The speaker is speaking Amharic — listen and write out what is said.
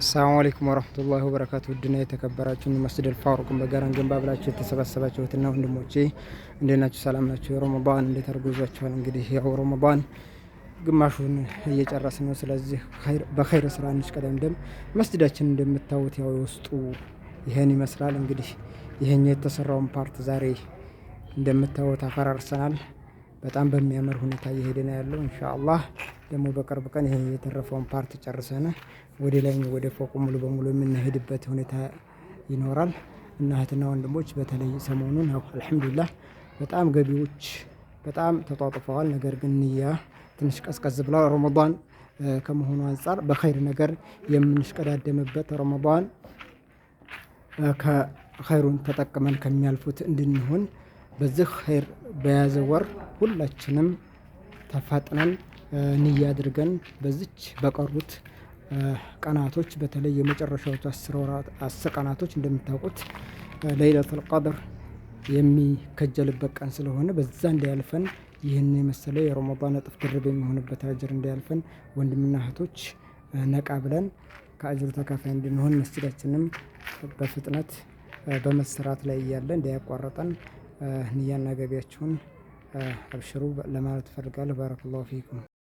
አሰላሙ አለይኩም ወረህመቱላሂ ወበረካቱ። ውድና የተከበራችሁ መስጅድ አልፋሩቅን በጋራ እንገንባ ብላችሁ የተሰባሰባችሁ እህትና ወንድሞቼ እንዴት ናችሁ? ሰላም ናችሁ? የሮመባን እንዴት አድርጓችኋል? እንግዲህ ያው ሮመባን ግማሹን እየጨረስ ነው። ስለዚህ በኸይር ስራ እንሽቀዳደም። መስጅዳችን እንደምታዩት ያው የውስጡ ይህን ይመስላል። እንግዲህ ይህኛው የተሰራውን ፓርት ዛሬ እንደምታዩት አፈራርሰናል። በጣም በሚያምር ሁኔታ እየሄደ ነው ያለው ኢንሻአላህ ደግሞ በቅርብ ቀን ይሄ የተረፈውን ፓርት ጨርሰን ወደ ላይ ወደ ፎቁ ሙሉ በሙሉ የምንሄድበት ሁኔታ ይኖራል። እና እህትና ወንድሞች በተለይ ሰሞኑን ያው አልሐምዱሊላህ በጣም ገቢዎች በጣም ተጧጥፈዋል ነገር ግን ንያ ትንሽ ቀዝቀዝ ብላ ረመዳን ከመሆኑ አንፃር በኸይር ነገር የምንሽቀዳደምበት ሮመን ከኸይሩን ተጠቅመን ከሚያልፉት እንድንሆን በዚህ ኸይር በያዘ ወር ሁላችንም ተፋጥነን ንያ አድርገን በዚች በቀሩት ቀናቶች በተለይ የመጨረሻዎቹ አስር ቀናቶች እንደምታውቁት ለይለቱል ቀድር የሚከጀልበት ቀን ስለሆነ በዛ እንዳያልፈን ይህን የመሰለ የረመዳን እጥፍ ድርብ የሚሆንበት አጅር እንዳያልፈን ወንድምና እህቶች ነቃ ብለን ከአጅሩ ተካፋይ እንድንሆን መስጊዳችንም በፍጥነት በመሰራት ላይ እያለ እንዳያቋረጠን ንያና ገቢያችሁን አብሽሩ ለማለት እፈልጋለሁ። ባረከላሁ ፊኩም።